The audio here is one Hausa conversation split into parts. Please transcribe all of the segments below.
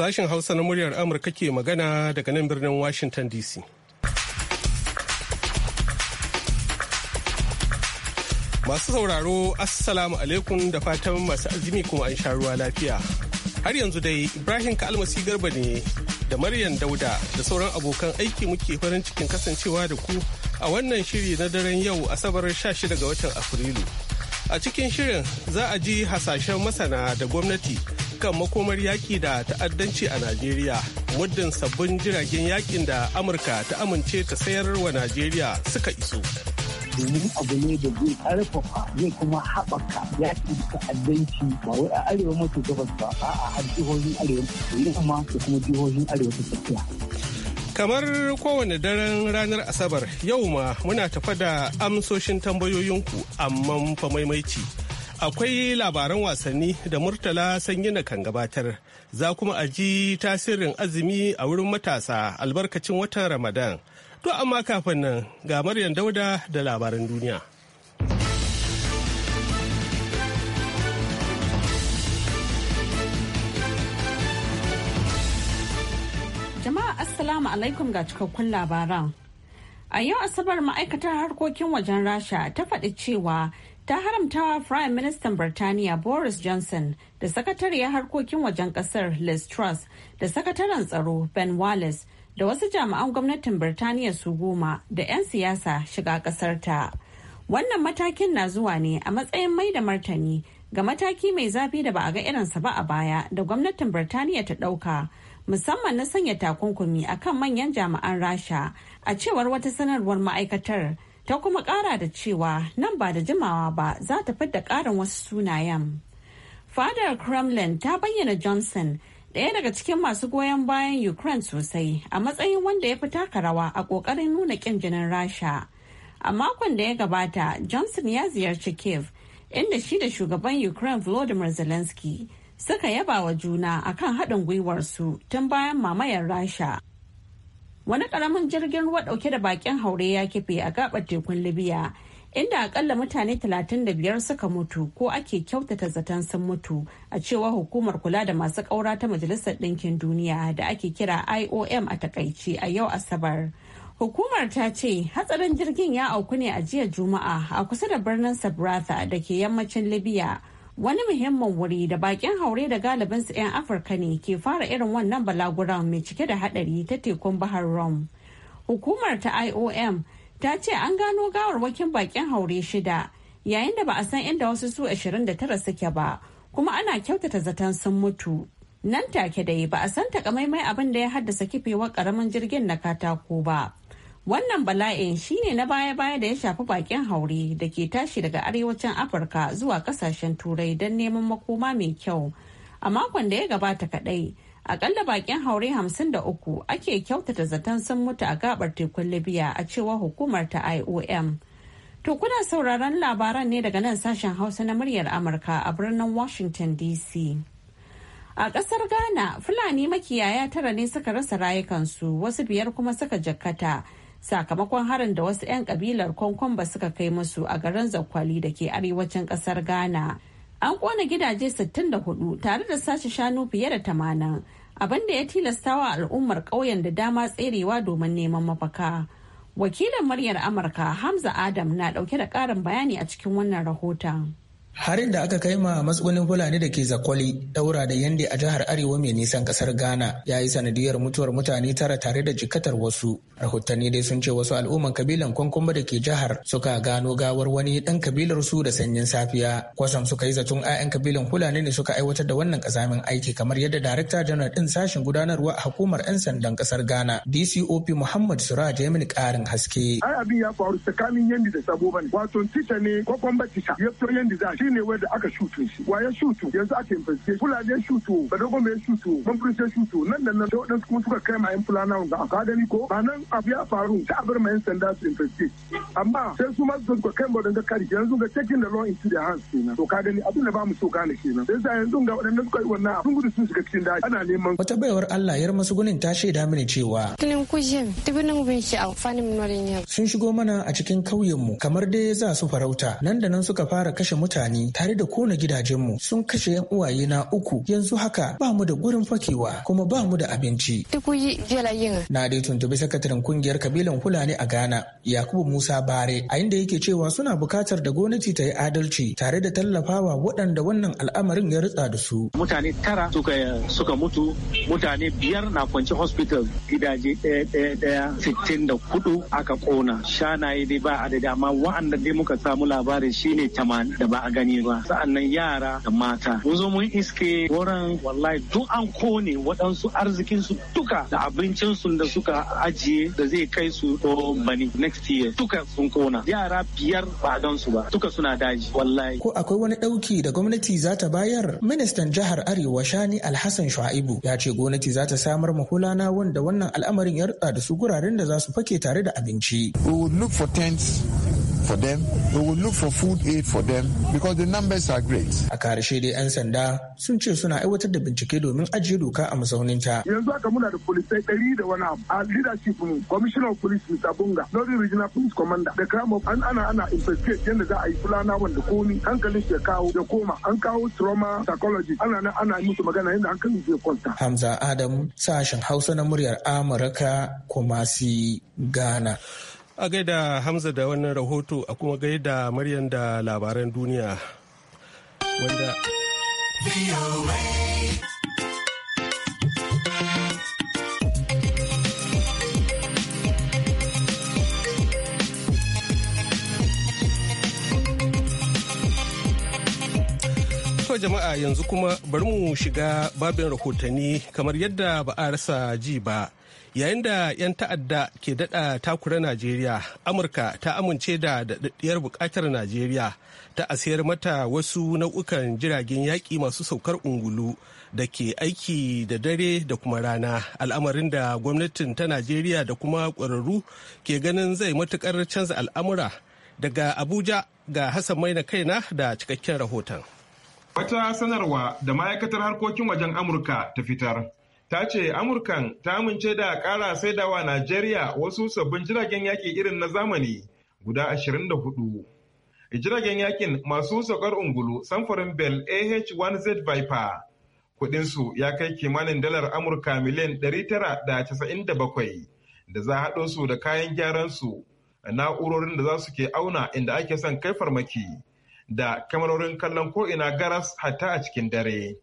Sashen Hausa na muryar Amurka ke magana daga nan birnin Washington DC. Masu sauraro, Assalamu alaikum da fatan masu azumi kuma an sha ruwa lafiya. Har yanzu dai Ibrahim Kalmasi Garba ne da Maryam Dauda da sauran abokan aiki muke farin cikin kasancewa da ku a wannan shiri na daren yau Asabar 16 ga watan Afrilu. A cikin shirin za a ji hasashen masana da gwamnati. dukkan makomar yaƙi da ta'addanci a Najeriya muddin sabbin jiragen yakin da Amurka ta amince ta sayar wa Najeriya suka iso. domin abu ne da zai karfafa zai kuma haɓaka yaƙi da ta'addanci ba wai a arewa maso gabas ba a har jihohin arewa maso kuma da kuma jihohin arewa ta tsakiya. kamar kowane daren ranar asabar yau ma muna tafa da amsoshin tambayoyinku amma fa maimaici Akwai labaran wasanni da Murtala Sanyina kan gabatar, za kuma a ji tasirin azumi a wurin matasa albarkacin watan Ramadan. To amma kafin nan ga Maryam Dauda da labaran duniya. Jama'a Assalamu alaikum ga cikakkun labaran. A yau Asabar ma'aikatar harkokin wajen Rasha ta faɗi cewa ta haramtawa Prime minister Birtaniya Boris Johnson da sakatariyar harkokin wajen kasar Liz Truss da sakataren tsaro Ben Wallace da wasu jami'an gwamnatin Birtaniya su goma da 'yan siyasa shiga kasar Wannan matakin na zuwa ne a matsayin mai da martani ga mataki mai zafi da ba a ga irinsa ba a baya da gwamnatin Birtaniya ta ɗauka musamman na sanya takunkumi a kan manyan jami'an Rasha a cewar wata sanarwar ma'aikatar. ta kuma kara da cewa nan ba da jimawa ba za ta fidda karin wasu sunayen fadar kremlin ta bayyana johnson ɗaya daga cikin masu goyon bayan ukraine sosai a matsayin wanda ya fi taka rawa a ƙoƙarin nuna ƙin jinin rasha a makon da ya gabata johnson ya ziyarci kiev inda shi da shugaban ukraine volodymyr zelensky suka yaba wa juna akan haɗin gwiwarsu tun bayan mamayar rasha wani karamin jirgin ruwa dauke da bakin haure ya kife a gabar tekun libya inda akalla mutane 35 suka mutu ko ake kyautata zaton sun mutu a cewa hukumar kula da masu ƙaura ta majalisar ɗinkin duniya da ake kira iom a Takaici a yau asabar hukumar ta ce hatsarin jirgin ya auku ne a jiya juma'a a kusa da birnin sabratha da ke yammacin libya wani muhimmin wuri da bakin haure da galibin su 'yan afirka ne ke fara irin wannan balaguran mai cike da hadari ta tekun bahar rom hukumar ta iom ta ce an gano gawarwakin bakin haure shida yayin da ba a san inda wasu su 29 suke ba kuma ana kyautata zaton sun mutu nan take dai ba a san takamaimai abin da ya haddasa kifewar karamin jirgin na katako ba Wannan bala'in shine na baya-baya da ya shafi bakin haure da ke tashi daga arewacin Afirka zuwa kasashen turai don neman makoma mai kyau. A makon da ya gabata kadai, akalla bakin haure 53 ake kyautata zaton sun mutu a gabar tekun Libya a cewa hukumar ta IOM. To kuna sauraron labaran ne daga nan sashen Hausa na muryar Amurka a birnin Washington DC. A kasar Ghana, Fulani makiyaya tara ne suka rasa rayukansu wasu biyar kuma suka jakkata. sakamakon harin da wasu 'yan kabilar kwankwamba suka kai musu a garin zakwali da ke arewacin kasar ghana an kona gidaje 64 tare da sashi, shanu fiye da 80 abin da ya tilasta wa al'ummar ƙauyen da dama tserewa domin neman mafaka wakilin muryar amurka hamza adam na ɗauke da ƙarin bayani a cikin wannan rahoton Harin da aka kai ma matsugunin Fulani da ke zakwali daura da yande a jihar Arewa mai nisan kasar Ghana ya yi sanadiyar mutuwar mutane tara tare da jikatar wasu. Rahotanni dai sun ce wasu al'umman kabilan Kwankwamba da ke jihar suka gano gawar wani dan kabilar su da sanyin safiya. kwasan suka yi zaton 'ya'yan kabilan Fulani ne suka aiwatar da wannan kazamin aiki kamar yadda Darakta Janar din sashen gudanarwa a hukumar 'yan sandan kasar Ghana DCOP Muhammad Suraj ya mini ƙarin haske. Ai abin ya faru tsakanin yandi da sabo bane. Wato tita ne Kwankwamba tita ya fito yandi za shi ne wanda aka shutu shi wa ya shutu yanzu ake investigation fulani ya shutu badogo mai shutu mamfuris ya shutu nan da nan da waɗansu kuma suka kai ma yan fulana wanda aka gani ko ba nan abu ya faru ta bar ma yan sanda su investigate amma sai su ma su ka kai ma waɗanda kari yanzu ga taking the law into their hands kenan to ka gani abin da ba mu so gane kenan sai sa yanzu ga waɗanda suka yi wannan sun gudu sun shiga cikin daji ana neman wata baiwar Allah yar gunin ta shaida mini cewa sun shigo mana a cikin kauyen mu kamar dai za su farauta nan da nan suka fara kashe mutane amfani tare da kona gidajenmu sun kashe yan uwaye na uku yanzu haka ba mu da gurin fakewa kuma ba mu da abinci. Na dai tuntubi sakataren kungiyar kabilan Fulani a Ghana Yakubu Musa Bare a inda yake cewa suna bukatar da gwamnati ta yi adalci tare da tallafawa waɗanda wannan al'amarin ya ritsa da su. Mutane tara suka mutu mutane biyar na kwanci hospital gidaje ɗaya ɗaya ɗaya sittin da kudu aka kona shanaye dai ba a da dama wa'anda dai muka samu labarin shine tamanin da ba a gani ba sa'annan yara da mata mun zo mun iske wurin wallahi duk an kone waɗansu arzikin su duka da abincin su da suka ajiye da zai kai su ko bani next year duka sun kona yara biyar ba don su ba duka suna daji wallahi ko akwai wani ɗauki da gwamnati za ta bayar ministan jihar arewa shani alhassan shu'aibu ya ce gwamnati za ta samar mahulana wanda wannan al'amarin ya da su guraren da za su fake tare da abinci. We will look for them. We will look for food aid for them because the numbers are great. A karshe dai 'yan sanda sun ce suna aiwatar da bincike domin ajiye doka a mazauninta. Yanzu haka muna da polisai ɗari da wani abu a leadership mu commissioner of police Mr. Bunga, Northern Regional Police Commander da crime of an ana ana investigate yadda za a yi fulana wanda komi hankalin ya kawo da koma an kawo trauma psychology ana na ana yi musu magana yadda hankalin zai kwanta. Hamza Adam sashen Hausa na muryar Amurka Kumasi Ghana. a gaida hamza da wannan rahoto a kuma gaida maryan da labaran duniya wanda To jama'a yanzu kuma bari mu shiga babin rahotanni kamar yadda ba a rasa ji ba yayin da 'yan ta'adda ke dada takura najeriya amurka ta amince da daɗaɗɗiyar buƙatar najeriya ta asayar mata wasu nau'ukan jiragen yaƙi masu saukar ungulu da ke aiki da dare da kuma rana al'amarin da gwamnatin ta najeriya da kuma ƙwararru ke ganin zai matuƙar canza al'amura daga abuja ga hassan na kaina da cikakken rahoton wata sanarwa da ma'aikatar harkokin wajen amurka ta fitar ta ce Amurkan ta amince da ƙara saidawa Najeriya wasu sabbin jiragen yaƙi irin na zamani guda 24. Jiragen yakin masu saukar ungulu samfurin Bell AH-1Z Viper kudinsu ya kai kimanin dalar Amurka miliyan 997 da za haɗo su da kayan gyaran su, na'urorin da za su ke auna inda ake son kai farmaki da kamarorin kallon ko'ina garas hatta a cikin dare.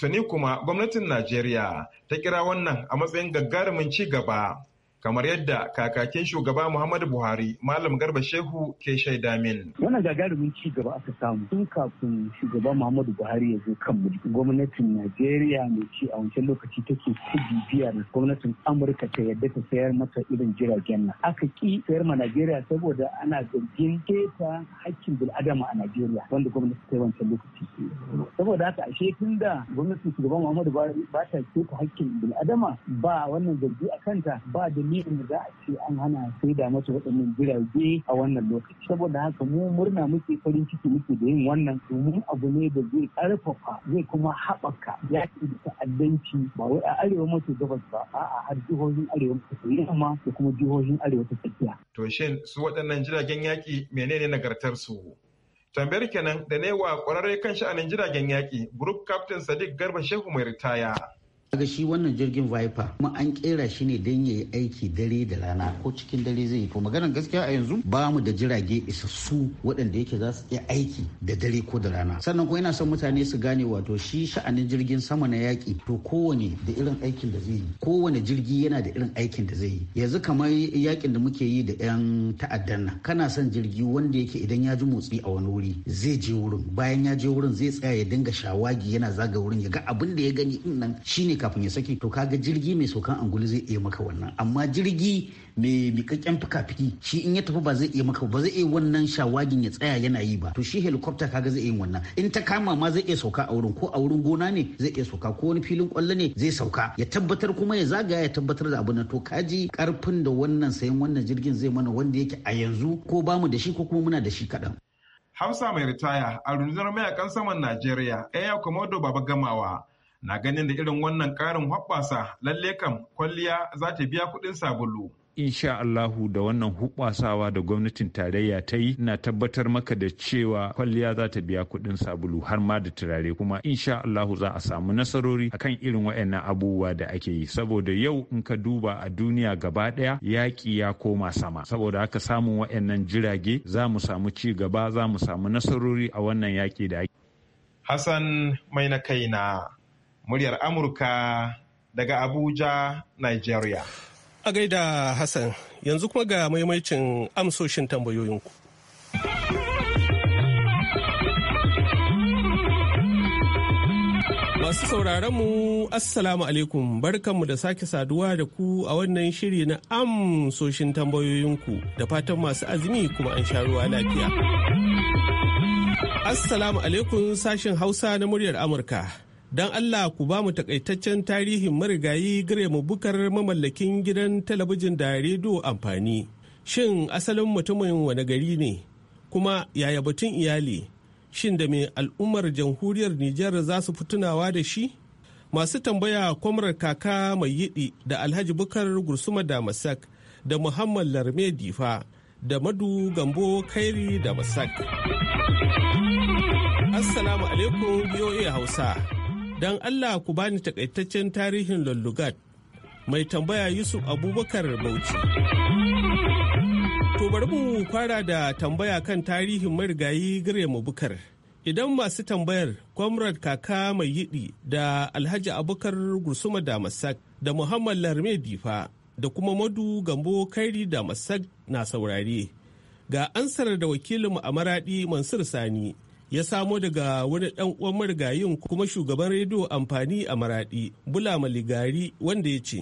Tuni kuma gwamnatin Najeriya ta kira wannan a matsayin gagarumin ci gaba kamar yadda kakakin shugaba Muhammadu Buhari Malam Garba Shehu ke shaida min. Wannan gagarumin ci gaba aka samu tun kafin shugaba Muhammadu Buhari ya zo kan mulki. Gwamnatin Najeriya mai ci a wancan lokaci take ta bibiya da gwamnatin Amurka ta yadda ta sayar mata irin jiragen nan. Aka ki sayar ma Najeriya saboda ana zargin keta hakkin bil'adama a Najeriya wanda gwamnati ta yi wancan lokaci. Saboda haka ashe tun da gwamnatin shugaba Muhammadu Buhari ba ta keta hakkin bil'adama ba wannan zargi a kanta ba da dalilin da za a ce an hana sai da masu waɗannan jirage a wannan lokaci saboda haka mu murna muke farin ciki muke da yin wannan domin abu ne da zai ƙarfafa zai kuma haɓaka yaƙi da ta'addanci ba wai a arewa maso gabas ba a'a har jihohin arewa maso yamma da kuma jihohin arewa ta tsakiya. To shin su waɗannan jiragen yaƙi menene su? Tambayar kenan da ne wa ƙwararre kan sha'anin jiragen yaƙi, Group Captain Sadiq Garba Shehu mai ritaya. Daga shi wannan jirgin Viper kuma an kera shi ne don ya yi aiki dare da rana ko cikin dare zai yi. To maganar gaskiya a yanzu ba mu da jirage isassu waɗanda yake za su iya aiki da dare ko da rana. Sannan kuma yana son mutane su gane wato shi sha'anin jirgin sama na yaki to kowane da irin aikin da zai yi. Kowane jirgi yana da irin aikin da zai yi. Yanzu kamar yakin da muke yi da 'yan ta'addan nan. Kana son jirgi wanda yake idan ya ji motsi a wani wuri zai je wurin bayan ya je wurin zai tsaya ya dinga shawagi yana zaga wurin ya ga abin da ya gani in nan shine kafin ya saki to kaga jirgi mai saukan angulu zai iya maka wannan amma jirgi mai mikakken fikafiki shi in ya tafi ba zai iya maka ba zai iya wannan shawagin ya tsaya yana yi ba to shi helicopter kaga zai iya wannan in ta kama ma zai iya sauka a wurin ko a wurin gona ne zai iya sauka ko wani filin kwallo ne zai sauka ya tabbatar kuma ya zagaya ya tabbatar da abu na to ka ji karfin da wannan sayan wannan jirgin zai mana wanda yake a yanzu ko bamu da shi ko kuma muna da shi kaɗan. Hausa mai ritaya a rundunar mayakan saman Najeriya, Air Komodo Baba Gamawa, na ganin da irin wannan karin hoɓɓasa lalle kam kwalliya za ta biya kuɗin sabulu. insha Allahu da wannan hubbasawa da gwamnatin tarayya ta yi na tabbatar maka da cewa kwalliya za ta biya kuɗin sabulu har ma da turare kuma insha Allahu za a samu nasarori a kan irin waɗannan abubuwa da ake yi saboda yau in ka duba a duniya gaba ɗaya yaƙi ya koma sama saboda haka samu waɗannan jirage za mu samu ci gaba za mu samu nasarori a wannan yaƙi da ake. Hassan mai na kaina muryar Amurka daga Abuja, Nigeria. A gaida Hassan, yanzu kuma ga maimaicin amsoshin tambayoyinku. Masu sauraronmu Assalamu alaikum barkanmu da sake saduwa da ku a wannan shiri na amsoshin tambayoyinku da fatan masu azumi kuma an sha ruwa lafiya. Assalamu alaikum sashen Hausa na muryar Amurka. don Allah ku ba mu takaitaccen tarihin marigayi gare mu bukar mamallakin gidan talabijin da rediyo amfani. Shin asalin mutumin wani gari ne? Kuma yaya batun iyali? Shin da mai al'ummar jamhuriyar Nijar za su fitunawa da shi? Masu tambaya kwamar kaka mai yiɗi da Alhaji Bukar Gursuma da Masak da Muhammad Larme Difa da Madu Gambo Kairi da Masak. Assalamu alaikum iya Hausa. Don Allah ku bani takaitaccen tarihin Lullugat. Mai tambaya Yusuf Abubakar Bauchi. To bari mu fara da tambaya kan tarihin marigayi Gare bukar Idan masu tambayar Comrade Kaka Mai Yiɗi da Alhaji Abubakar Gursuma da Masak da Muhammad Larme Difa da kuma Madu Gambo Kairi da Masak na saurare. Ga ansar da wakilin mu a Maradi Mansur Sani. ya samo daga wani dan uwan marigayin kuma shugaban rediyo amfani a maradi bula maligari wanda ya ce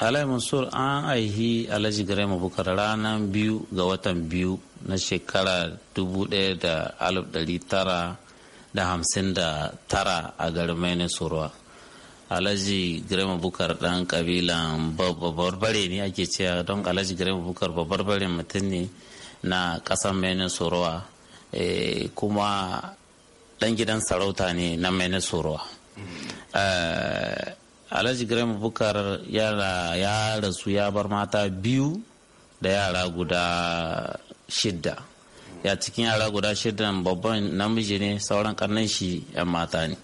alai mansur an aihi alhaji garema bukar ranar biyu ga watan biyu na shekara da tara a garin mainin surwa alhaji garema bukar dan kabilan bare ne ake cewa don alhaji garema bukar bare mutum ne na ƙasar mainin surwa Eh, kuma ɗan gidan sarauta ne na mai nasorowa eh, alhaji graham bukar ya rasu ya bar mata biyu da yara guda shidda ya cikin yara guda shidda babban namiji ne sauran karnan shi 'yan mata ne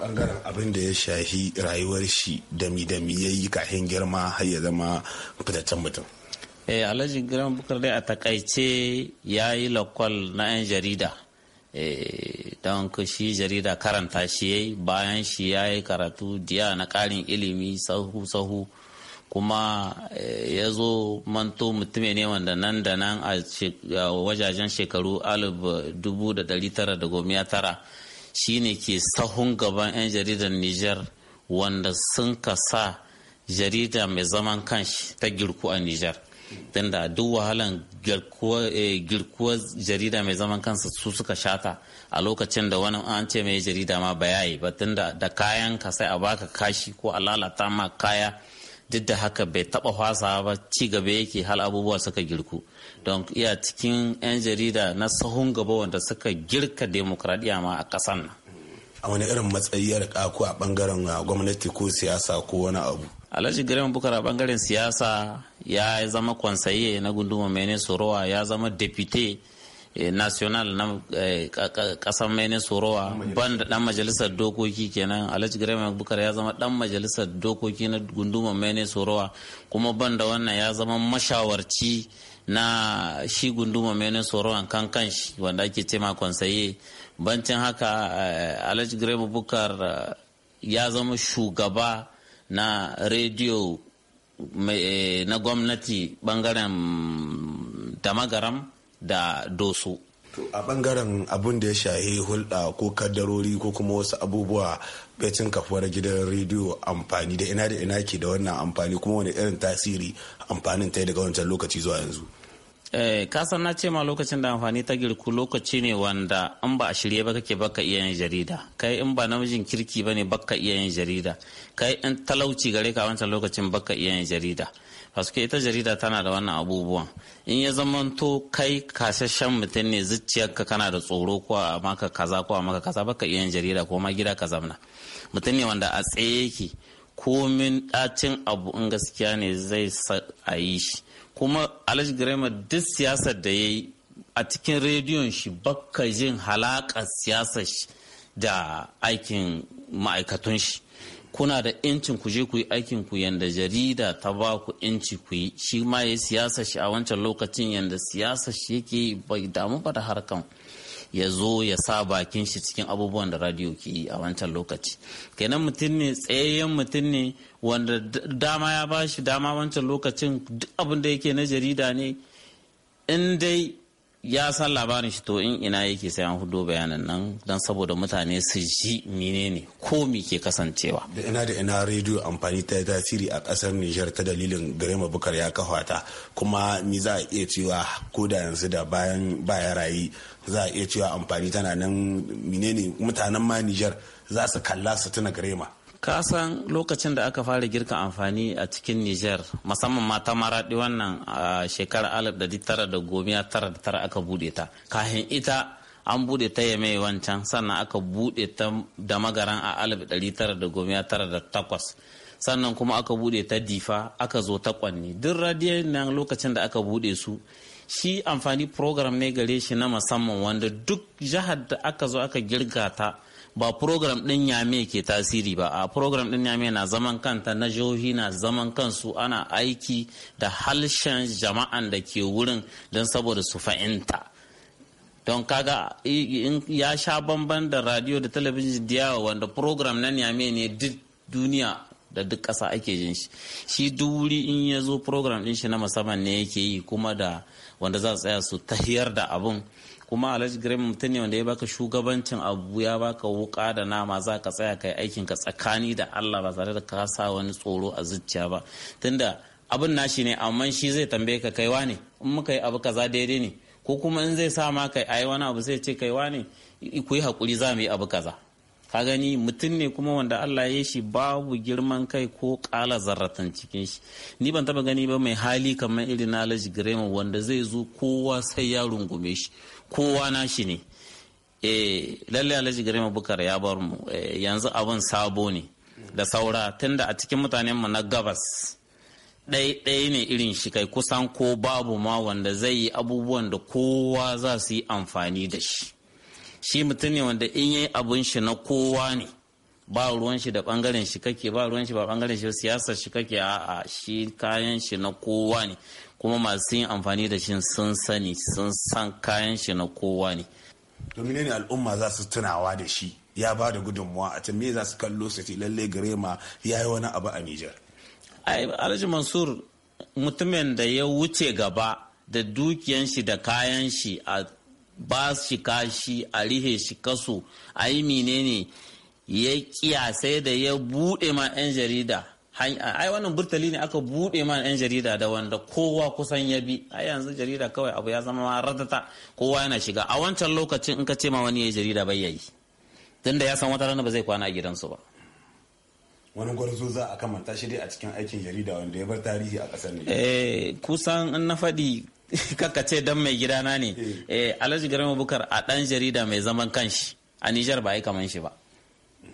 bangaren abin da ya shahi rayuwar shi dami-dami ya yi kahin girma har ya zama fitaccen mutum eh alhaji Giram bukar dai a takaice ya yi lakwal na 'yan jarida eh, don shi jarida karanta shi yayi bayan shi ya yi karatu diya na karin ilimi sahu-sahu kuma eh, ya zo manto mutume ne wanda nan da nan a wajajen shekaru 1999 shi ne ke sahun gaban 'yan jaridar nijar wanda sun ka sa jarida mai zaman kanshi ta girku a nijar. tunda duk wahalan eh, girkuwar jarida mai zaman kansa su suka shata a lokacin da wani an ce mai jarida ma bayayi ba tunda da kayan ka sai a baka kashi ko a lalata ma kaya duk da haka bai taba fasa ba ci gaba yake hal abubuwa suka girku don iya cikin 'yan jarida na sahun gaba wanda suka girka demokradiyya ma a ƙasar nan a wani irin matsayi ya rika ko a bangaren uh, gwamnati ko siyasa ko wani abu alhaji girman bukar a bangaren siyasa ya zama kwansaye na gunduma mene sorowa ya zama depute eh, national na eh, kasan mene sorowa ban da dan majalisar dokoki kenan alhaji girman bukar ya zama dan majalisar dokoki na gunduma mene sorowa kuma ban da wannan ya zama mashawarci na shi gunduma tsoro tsoron kan kanshi wanda ake cema konsaye bancin haka eh, alhaji bukkar bukar eh, ya zama shugaba na rediyo eh, na gwamnati bangaren damagaram da doso a bangaren abin da ya shahi hulɗa ko kaddarori ko kuma wasu abubuwa becin kafuwar gidan rediyo amfani da ina da ina ke da wannan amfani kuma wani irin tasiri amfanin ta daga wancan lokaci zuwa yanzu eh, kasan na ce ma lokacin da amfani ta girku lokaci ne wanda in ba a shirye ba kake baka iya yin jarida kai in ba namijin kirki ba ne baka iya yin jarida kai in talauci gare ka wancan lokacin baka iya yin jarida Paske ita jarida tana da wannan abubuwan. In ya zamanto kai kasashen mutum ne zuciyarka kana da tsoro ko a maka kaza ko a maka kaza baka iya jarida ko ma gida ka zamna. Mutum ne wanda a tsaye yake komin ɗacin abu in gaskiya ne zai sa a yi shi. Kuma Alhaji Grema duk siyasar da ya yi a cikin rediyon shi baka jin halakar siyasar shi da aikin ma'aikatun shi kuna da yancin ku je ku yi aikin ku yanda jarida ta ba ku yanci ku yi shi ma ya siyasa shi a wancan lokacin yanda siyasa shi yake bai damu ba da harkan ya zo ya sa bakin shi cikin abubuwan da radio ke yi a wancan lokaci kenan mutum ne tsayayyen mutum ne wanda dama ya ba shi dama wancan lokacin duk abin da yake na jarida ne in dai ya san labarin shi to in ina yake sai an hudo bayanan nan don saboda mutane su ji ne ko mi ke kasancewa da ina da ina rediyo amfani ta tasiri a kasar Nijar ta dalilin Garema Bukar ya kafa ta kuma mi za a iya cewa ko da yanzu da bayan baya rayi za a iya cewa amfani tana nan ne mutanen ma Nijar za su kalla su tuna Garema ka san lokacin da aka fara girka amfani a cikin niger musamman mata maraɗi wannan a shekarar 1999 aka bude ta kahin ita an bude ta yame wancan sannan aka bude ta da magaran a 1998 sannan kuma aka bude ta difa aka zo ta kwanni duk radiyar nan lokacin da aka bude su shi amfani program ne gare shi na musamman wanda duk jihar da aka zo aka girga ta ba program din yame ke tasiri ba a program din yame na zaman kanta na jihohi na zaman kansu ana aiki da halshen jama'an da ke wurin don saboda su fahimta don kaga ya sha bamban da radio da talabijin yawa wanda program na yame ne duk duniya da duk ƙasa ake jin shi shi duk wuri in ya zo program din shi na musamman ne yake yi kuma da wanda za su tsaya su tahiyar da abun kuma alhaji girma mutum ne wanda ya baka shugabancin abu ya baka wuka da nama za ka tsaya yi aikin ka tsakani da allah ba tare da ka sa wani tsoro a zuciya ba tunda abin nashi ne amma shi zai tambaye ka kai ne in muka yi abu kaza daidai ne ko kuma in zai sa ma kai ayi wani abu zai ce kaiwa ne ku yi hakuri za mu yi abu kaza ka gani mutum ne kuma wanda Allah ya shi babu girman kai ko kala zarratan cikin shi ni ban taba gani ba mai hali kamar irin na Alhaji Girema wanda zai zo kowa sai ya rungume shi kowa na shi ne e eh, lalle alhaji garima bukar ya bar mu eh, yanzu abin sabo ne da saura tunda a cikin mutanen mu na gabas ɗaya ne irin shi kai kusan ko babu ma wanda zai yi abubuwan da kowa za su yi amfani da shi shi mutum ne wanda in yi abin shi na kowa ne ba ruwan shi da bangaren shi kake ba ruwan shi ba bangaren shi siyasar shi kake a shi kayan shi na kowa ne kuma masu yin amfani da shi sun sani sun san kayan shi na kowa ne domin ne al'umma za su tunawa da shi ya ba da gudunmuwa a can za su kallo su ce lalle garema ya yi wani abu a Nijar. ai alhaji mansur mutumin da ya wuce gaba da dukiyan shi da kayan shi a ba shi kashi a rihe shi kaso a yi menene ya kiyasai sai da ya buɗe ma 'yan jarida ai wannan burtali ne aka buɗe ma 'yan jarida da wanda kowa kusan ya bi ai yanzu jarida kawai abu ya zama ma ratata kowa yana shiga a wancan lokacin in ka ce ma wani ya jarida bai yayi tun da ya san wata rana ba zai kwana a gidansu ba wani gwarzo za a kamanta shi dai a cikin aikin jarida wanda ya bar tarihi a ƙasar ne eh kusan in na faɗi kakace dan mai gidana ne eh, eh alhaji garma bukar a dan jarida mai zaman kanshi a nijar ba yi kaman shi ba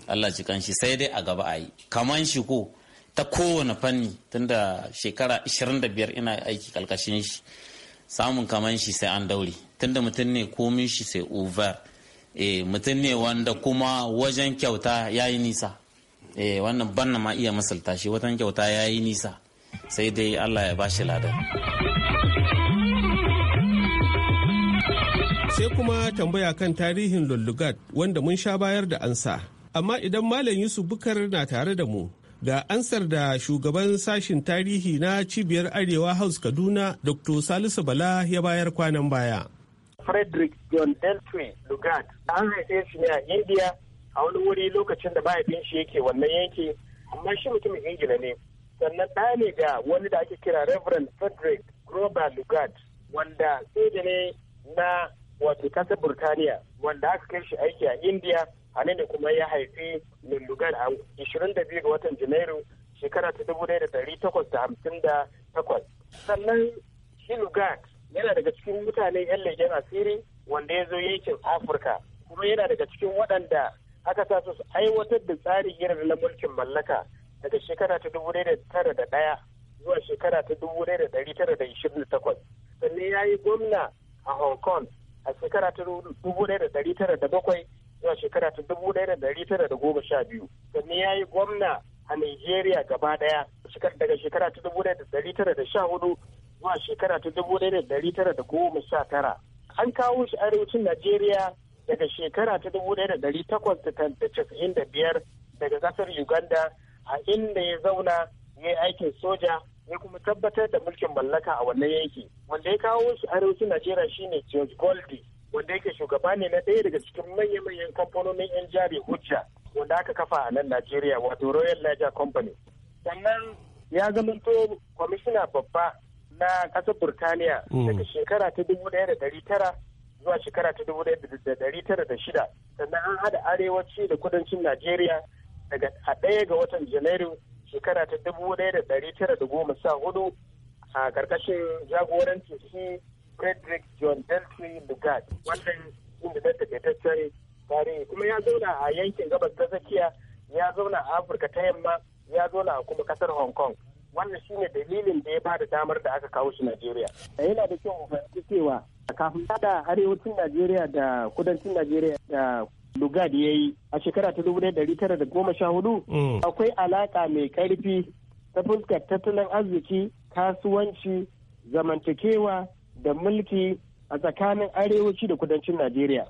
Allah ji kanshi sai dai a gaba ayi kaman shi ko ta kowane fanni tunda shekara 25 ina aiki kalkashin shi samun kaman shi sai an daure tunda mutum ne komin shi sai over eh mutum ne wanda kuma wajen kyauta ya yi nisa eh wannan banna ma iya misalta shi wajen kyauta ya yi nisa sai dai allah ya bashi lada sai kuma tambaya kan tarihin lullugat wanda mun sha bayar da ansa amma idan malam yusuf bukar na tare da mu ga ansar da shugaban sashen tarihi na cibiyar arewa house kaduna dr salisu bala ya bayar kwanan baya frederick john elfrey lugard an haife shi ne a india a wani wuri lokacin da mahaifin shi yake wannan yanki amma shi mutumin ingila ne sannan ɗaya ne ga wani da ake kira reverend frederick grover lugard wanda soja ne na wato kasar burtaniya wanda aka kai shi aiki a india a nan ne kuma ya haifi lullugan a 22 ga watan janairu shekara ta 1858 sannan shi lugat yana daga cikin mutane 'yan legen asiri wanda ya zo yankin afirka kuma yana daga cikin waɗanda aka sa su aiwatar da tsarin yanar na mulkin mallaka daga shekara ta dubu da tara da ɗaya zuwa shekara ta dubu da dari tara da ishirin da takwas sannan ya yi gwamna a hong kong a shekara ta dubu ɗaya da ɗari tara da bakwai zuwa shekara ta dubu ɗaya da ɗari tara da goma sha biyu sannan ya yi gwamna a Nigeria gaba ɗaya daga shekara ta dubu ɗaya da ɗari tara da sha hudu zuwa shekara ta dubu ɗaya da ɗari tara da goma sha tara an kawo shi arewacin Najeriya daga shekara ta dubu ɗaya da ɗari takwas da casa'in da biyar daga ƙasar Uganda a inda ya zauna ya yi aikin soja ne kuma tabbatar da mulkin mallaka a wannan yanki wanda ya kawo su arewacin najeriya shine george goldie wanda yake shugaba ne na ɗaya daga cikin manya-manyan kamfanonin 'yan jari hujja wanda aka kafa a nan najeriya wato royal niger company sannan ya zamanto kwamishina babba na ƙasar burtaniya mm. daga shekara ta dubu ɗaya da ɗari tara zuwa shekara ta dubu ɗaya da ɗari tara da shida sannan an haɗa arewaci da kudancin najeriya daga a ɗaya ga watan janairu shekara ta dubu ɗaya da ɗari tara da goma sha hudu a ƙarƙashin jagoranci shi Frederick John Delphi Lugard wannan inda da takaitaccen tarihi kuma ya zauna a yankin gabas ta tsakiya ya zauna a Afirka ta yamma ya zauna a kuma ƙasar Hong Kong wannan shine dalilin da ya ba da damar da aka kawo shi Najeriya yana da kyau mu fahimci cewa kafin da arewacin Najeriya da kudancin Najeriya da lugard ya yi a shekara ta dubu ɗari tara da goma sha hudu mm. akwai alaƙa mai ƙarfi ta fuskar tattalin arziki kasuwanci zamantakewa da mulki a tsakanin arewaci da kudancin najeriya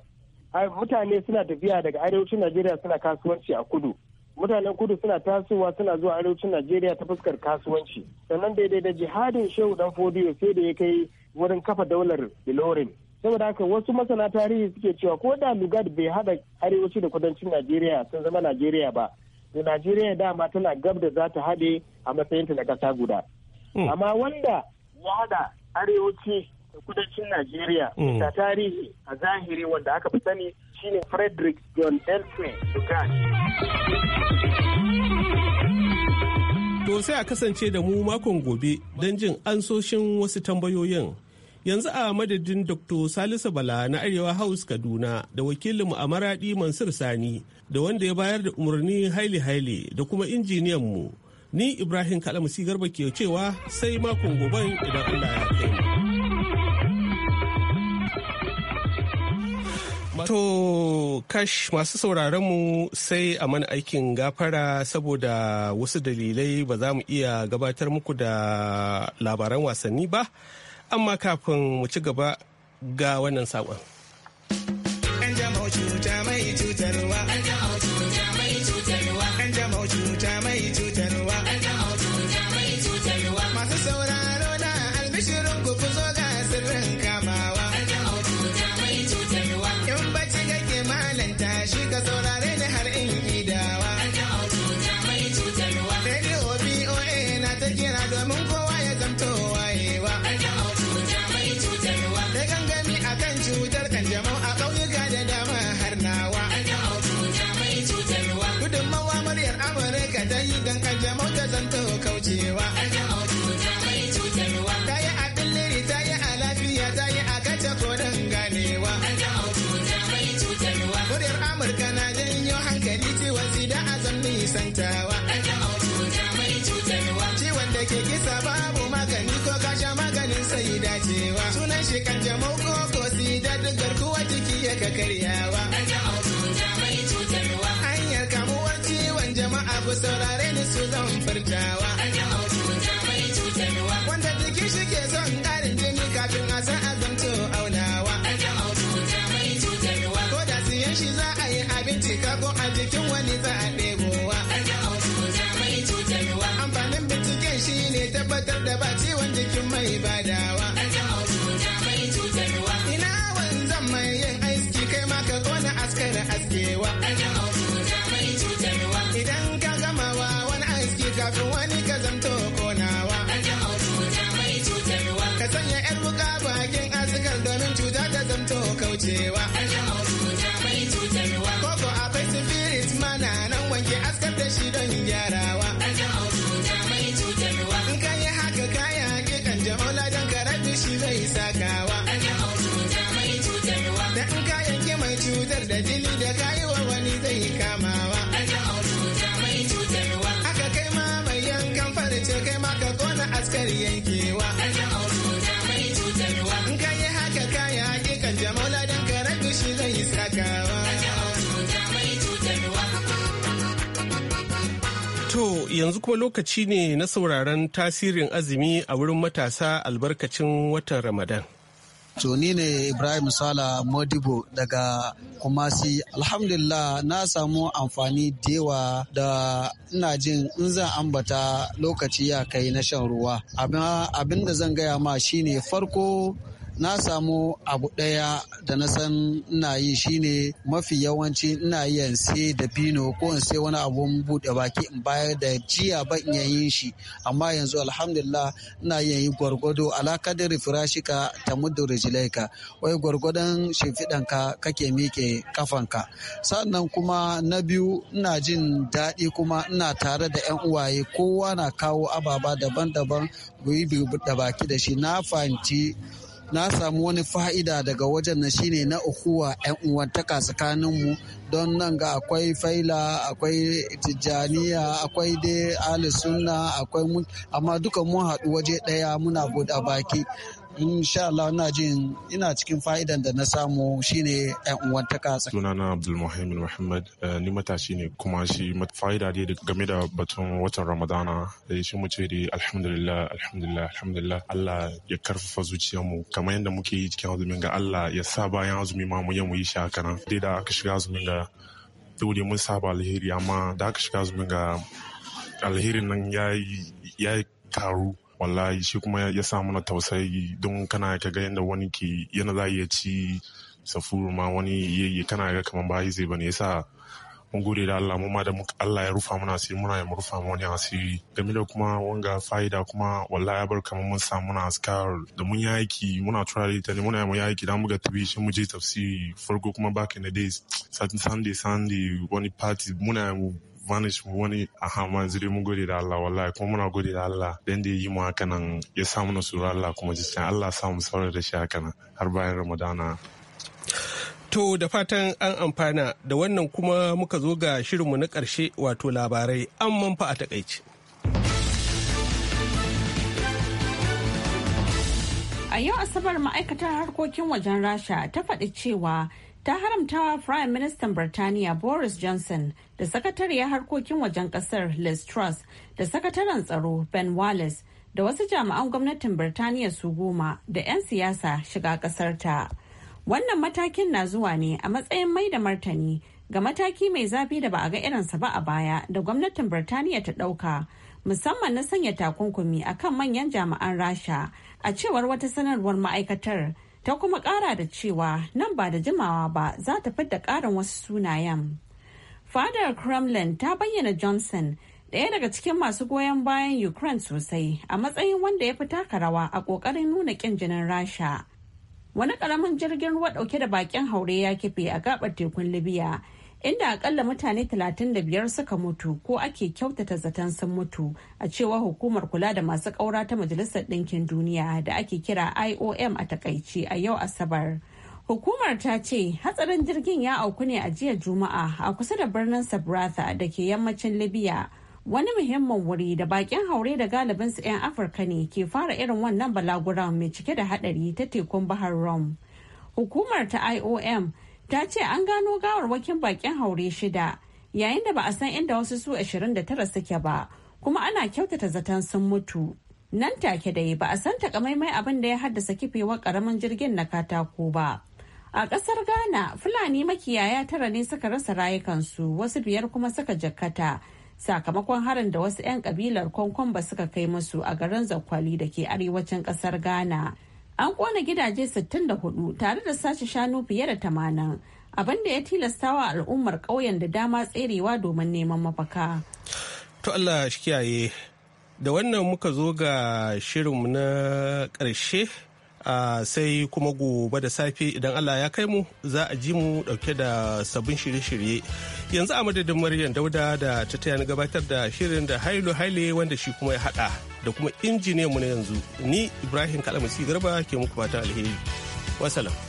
mutane suna tafiya daga arewacin najeriya suna kasuwanci a kudu mutanen kudu suna tasowa suna zuwa arewacin najeriya ta fuskar kasuwanci sannan daidai da jihadin shehu dan fodiyo sai da ya kai wurin kafa daular ilorin saboda haka wasu masana tarihi suke cewa ko da lugard bai hada arewaci da kudancin najeriya sun zama najeriya ba da najeriya dama tana gab da za ta hade a matsayinta na kasa guda hmm. amma wanda ya hada arewaci da kudancin najeriya da hmm. tarihi a zahiri wanda aka fi sani shine frederick john elfin lugard To sai a kasance da mu makon gobe don jin ansoshin wasu tambayoyin. yanzu a madadin dr salisu bala na arewa house kaduna da wakilinmu a maradi mansur sani da wanda ya bayar da umarni haile haile da kuma injiniyan mu ni ibrahim kalamusi garba ke cewa sai makon goben idan allah ya kai To kash masu sauraron mu sai a mana aikin gafara saboda wasu dalilai ba za mu iya gabatar muku da labaran wasanni ba. amma kafin mu ci gaba ga wannan saƙon. ta mai ce kisa babu magani ko kasha maganin sai dacewa sunan shi kan jamau ko ko si da duk garkuwa jiki ya ka karyawa hanyar kamuwar ciwon jama'a ku saurare ni su zan furtawa wanda jiki shi ke son ƙarin jini kafin a san a zanto aunawa ko da siyan shi za a yi abinci kako a jikin wani zaɓe. kafin wani ka zamto konawa. Ka sanya 'yar wuka bakin asikar domin cuta ta zamto kaucewa. yanzu kuma lokaci ne na sauraron tasirin azumi a wurin matasa albarkacin watan Ramadan. To ni ne Ibrahim Sala Modibo daga Kumasi. Alhamdulillah na samu amfani da yawa da ina jin in zan ambata lokaci ya kai na shan ruwa. Abin da zan gaya ma shine farko na samu abu ɗaya da na san ina yi shine mafi yawanci ina yi in sai da bino ko in sai wani abun buɗe baki in bayar da jiya ba in yayin shi amma yanzu alhamdulillah ina yi gwargwado rifirashi ka ta muddu rijilaika wai gwargwadon ka kake miƙe ka sannan kuma na biyu ina jin daɗi kuma ina tare da 'yan uwaye kowa na kawo ababa daban-daban da baki da shi na fahimci na samu wani fa'ida daga wajen na shine na ukuwa 'yan uwantaka tsakanin mu don nan ga akwai faila akwai tijjaniya akwai dai alisunna akwai mun amma duka mun haɗu waje ɗaya muna buɗa baki insha Allah ina jin ina cikin fa'idan da na samu shine yan kasa sunana Abdul Muhammad eh, ni matashi ne kuma shi fa'ida dai game da batun watan Ramadana eh, shi mu ce dai alhamdulillah alhamdulillah alhamdulillah Allah ya karfafa mu kamar yadda muke yi cikin azumin ga Allah ya sa bayan azumi ma mu yi shi haka nan dai da aka shiga azumin ga dole mun saba alheri amma da aka shiga azumin ga alherin nan ya yi karu wallahi shi kuma ya sa mana tausayi don kana ka ga yadda wani ke yana za iya ci safuru ma wani yayi kana ga kamar ba zai bane yasa mun gode da Allah mun ma da Allah ya rufa mana asiri muna ya rufa mana wani asiri game da kuma wanga fa'ida kuma wallahi ya bar kamar mun sa muna askar da mun aiki muna turare ta ne muna mu aiki, da ga tabi shi mu je tafsiri farko kuma back in the days satin sunday sunday wani party muna mu vanish wani a hama ziri mun gode da Allah wallahi kuma muna gode da Allah dan da ya yi mu haka nan ya sa mu nasuru Allah kuma jishan Allah sa mu da shi haka nan har bayan Ramadana. To da fatan an amfana da wannan kuma muka zo ga shirinmu na ƙarshe wato labarai an manfa a takaice. A yau Asabar ma'aikatar harkokin wajen Rasha ta faɗi cewa ta haramtawa Prime Ministan Birtaniya Boris Johnson da sakatariyar harkokin wajen kasar Liz Truss da sakataren tsaro Ben Wallace da wasu jami'an gwamnatin Birtaniya su goma da 'yan siyasa shiga kasar ta. Wannan matakin na zuwa ne a matsayin mai da martani ga mataki mai zafi da ba a ga irinsa ba a baya da gwamnatin Birtaniya ta ɗauka musamman na sanya takunkumi akan manyan jami'an Rasha a cewar wata sanarwar ma'aikatar. ta kuma kara da cewa nan ba da jimawa ba za ta fidda karin wasu sunayen fadar kremlin ta bayyana johnson ɗaya daga cikin masu goyon bayan ukraine sosai a matsayin wanda ya fi taka rawa a ƙoƙarin nuna ƙin jinin rasha wani ƙaramin jirgin ruwa ɗauke da baƙin haure ya kife a gaɓar tekun libya inda akalla mutane 35 suka mutu ko ake kyautata zaton sun mutu a cewa hukumar kula da masu ƙaura ta majalisar ɗinkin duniya da ake kira iom a takaice a yau asabar hukumar ta ce hatsarin jirgin ya auku ne a jiya juma'a a kusa da birnin sabratha da ke yammacin libya wani muhimmin wuri da bakin haure da galibin 'yan afirka ne ke fara irin wannan balaguran mai cike da hadari ta tekun bahar rome hukumar ta iom ta ce an gano gawarwakin bakin haure shida yayin da ba a san inda wasu su 29 suke ba kuma ana kyautata zaton sun mutu nan take dai ba a san takamaimai abin da ya haddasa kifewar karamin jirgin na katako ba a kasar ghana fulani makiyaya tara ne suka rasa rayukansu wasu biyar kuma suka jakkata sakamakon harin da wasu 'yan kabilar kwankwan ba suka kai musu a garin zakwali da ke arewacin kasar ghana An kona gidaje 64 tare da sace shanu fiye da tamanin, abin da ya tilastawa al'ummar ƙauyen da dama tserewa domin neman mafaka. To Allah shi kiyaye da wannan muka zo ga shirinmu na ƙarshe sai kuma gobe da safe idan Allah ya kai mu za a ji mu dauke da sabbin shirye-shirye yanzu a madadin Maryam Dauda da ta taya ni gabatar da shirin da Hailu Haile wanda shi kuma ya hada da kuma injiniyan mu na yanzu ni Ibrahim Kalamasi Garba ke muku fatan alheri wasalam